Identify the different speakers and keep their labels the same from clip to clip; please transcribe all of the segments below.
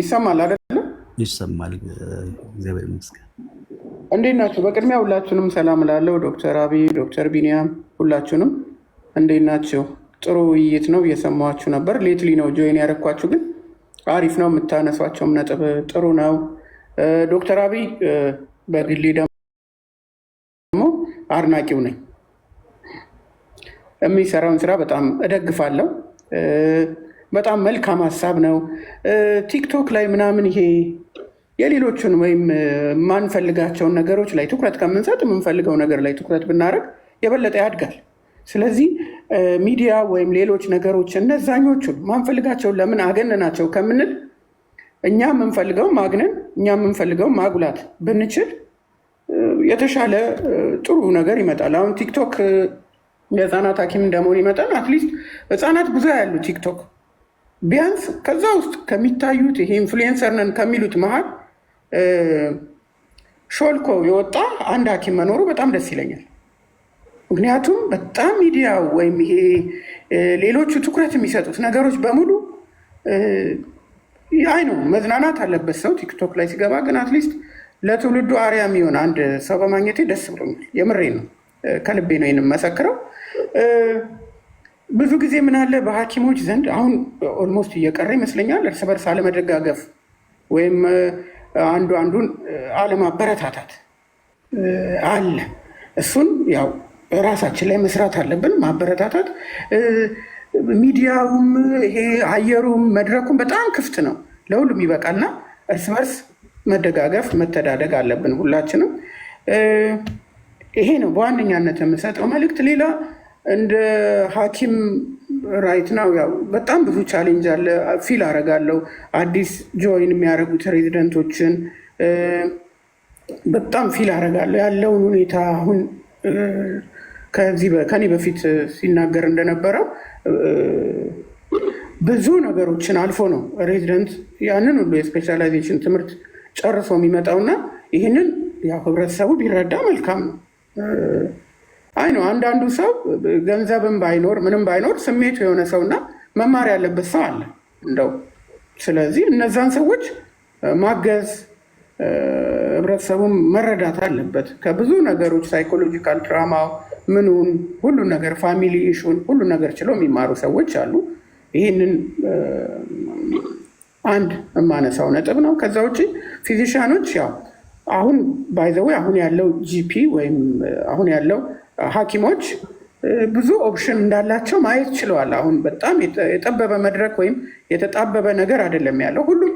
Speaker 1: ይሰማል አይደለም?
Speaker 2: ይሰማል። እግዚአብሔር ይመስገን።
Speaker 1: እንዴት ናችሁ? በቅድሚያ ሁላችሁንም ሰላም ላለው ዶክተር አብይ፣ ዶክተር ቢኒያም ሁላችሁንም እንዴት ናችሁ? ጥሩ ውይይት ነው፣ እየሰማችሁ ነበር። ሌትሊ ነው ጆይን ያደረኳችሁ፣ ግን አሪፍ ነው። የምታነሷቸውም ነጥብ ጥሩ ነው። ዶክተር አብይ በግሌ ደግሞ አድናቂው ነኝ። የሚሰራውን ስራ በጣም እደግፋለሁ። በጣም መልካም ሀሳብ ነው። ቲክቶክ ላይ ምናምን ይሄ የሌሎችን ወይም የማንፈልጋቸውን ነገሮች ላይ ትኩረት ከምንሰጥ የምንፈልገው ነገር ላይ ትኩረት ብናደርግ የበለጠ ያድጋል። ስለዚህ ሚዲያ ወይም ሌሎች ነገሮች እነዛኞቹን ማንፈልጋቸውን ለምን አገንናቸው ከምንል እኛ የምንፈልገው ማግነን እኛ የምንፈልገው ማጉላት ብንችል የተሻለ ጥሩ ነገር ይመጣል። አሁን ቲክቶክ የህፃናት ሐኪም እንደመሆን ይመጣል። አትሊስት ህፃናት ብዙ ያሉ ቲክቶክ ቢያንስ ከዛ ውስጥ ከሚታዩት ይሄ ኢንፍሉዌንሰር ነን ከሚሉት መሀል ሾልኮ የወጣ አንድ ሐኪም መኖሩ በጣም ደስ ይለኛል። ምክንያቱም በጣም ሚዲያው ወይም ይሄ ሌሎቹ ትኩረት የሚሰጡት ነገሮች በሙሉ አይ ነው መዝናናት አለበት ሰው ቲክቶክ ላይ ሲገባ ግን አትሊስት ለትውልዱ አርያ የሚሆን አንድ ሰው በማግኘቴ ደስ ብሎኛል። የምሬ ነው፣ ከልቤ ነው ይህን ብዙ ጊዜ ምን አለ በሐኪሞች ዘንድ አሁን ኦልሞስት እየቀረ ይመስለኛል እርስ በርስ አለመደጋገፍ ወይም አንዱ አንዱን አለማበረታታት አለ። እሱን ያው ራሳችን ላይ መስራት አለብን። ማበረታታት ሚዲያውም፣ ይሄ አየሩም፣ መድረኩም በጣም ክፍት ነው ለሁሉም ይበቃልና እርስ በርስ መደጋገፍ መተዳደግ አለብን ሁላችንም። ይሄ ነው በዋነኛነት የምሰጠው መልእክት። ሌላ እንደ ሐኪም ራይት ነው ያው በጣም ብዙ ቻሌንጅ አለ ፊል አረጋለው አዲስ ጆይን የሚያደርጉት ሬዚደንቶችን በጣም ፊል አረጋለሁ ያለውን ሁኔታ አሁን ከዚህ ከኔ በፊት ሲናገር እንደነበረው ብዙ ነገሮችን አልፎ ነው ሬዚደንት ያንን ሁሉ የስፔሻላይዜሽን ትምህርት ጨርሶ እና ይህንን ያው ህብረተሰቡ ቢረዳ መልካም ነው። አይ ነው አንዳንዱ ሰው ገንዘብም ባይኖር ምንም ባይኖር ስሜቱ የሆነ ሰውና መማር ያለበት ሰው አለ እንደው ስለዚህ እነዛን ሰዎች ማገዝ ህብረተሰቡም መረዳት አለበት። ከብዙ ነገሮች ሳይኮሎጂካል ድራማ ምኑን ሁሉ ነገር ፋሚሊ ኢሹን ሁሉ ነገር ችለው የሚማሩ ሰዎች አሉ። ይህንን አንድ የማነሳው ነጥብ ነው። ከዛ ውጭ ፊዚሻኖች ያው አሁን ባይዘወይ አሁን ያለው ጂፒ ወይም አሁን ያለው ሐኪሞች ብዙ ኦፕሽን እንዳላቸው ማየት ችለዋል። አሁን በጣም የጠበበ መድረክ ወይም የተጣበበ ነገር አይደለም ያለው። ሁሉም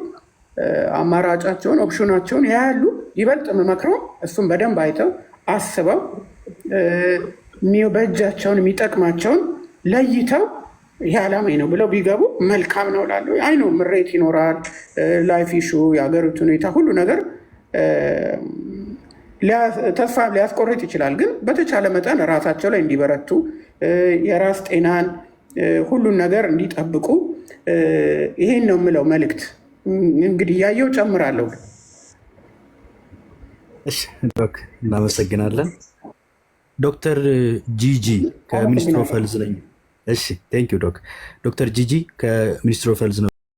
Speaker 1: አማራጫቸውን ኦፕሽናቸውን ያያሉ። ይበልጥ መመክሮ እሱም በደንብ አይተው አስበው በእጃቸውን የሚጠቅማቸውን ለይተው ይህ ነው ብለው ቢገቡ መልካም ነው እላለሁ። አይኖ ምሬት ይኖራል። ላይፍ ኢሹ የሀገሪቱ ሁኔታ ሁሉ ነገር ተስፋ ሊያስቆርጥ ይችላል። ግን በተቻለ መጠን ራሳቸው ላይ እንዲበረቱ የራስ ጤናን ሁሉን ነገር እንዲጠብቁ ይሄን ነው የምለው መልእክት። እንግዲህ እያየው ጨምራለሁ።
Speaker 2: እናመሰግናለን። ዶክተር ጂጂ ከሚኒስትሮ ፈልዝ ነኝ። እሺ ቴንክ ዩ ዶክ ዶክተር ጂጂ ከሚኒስትሮ ፈልዝ ነው።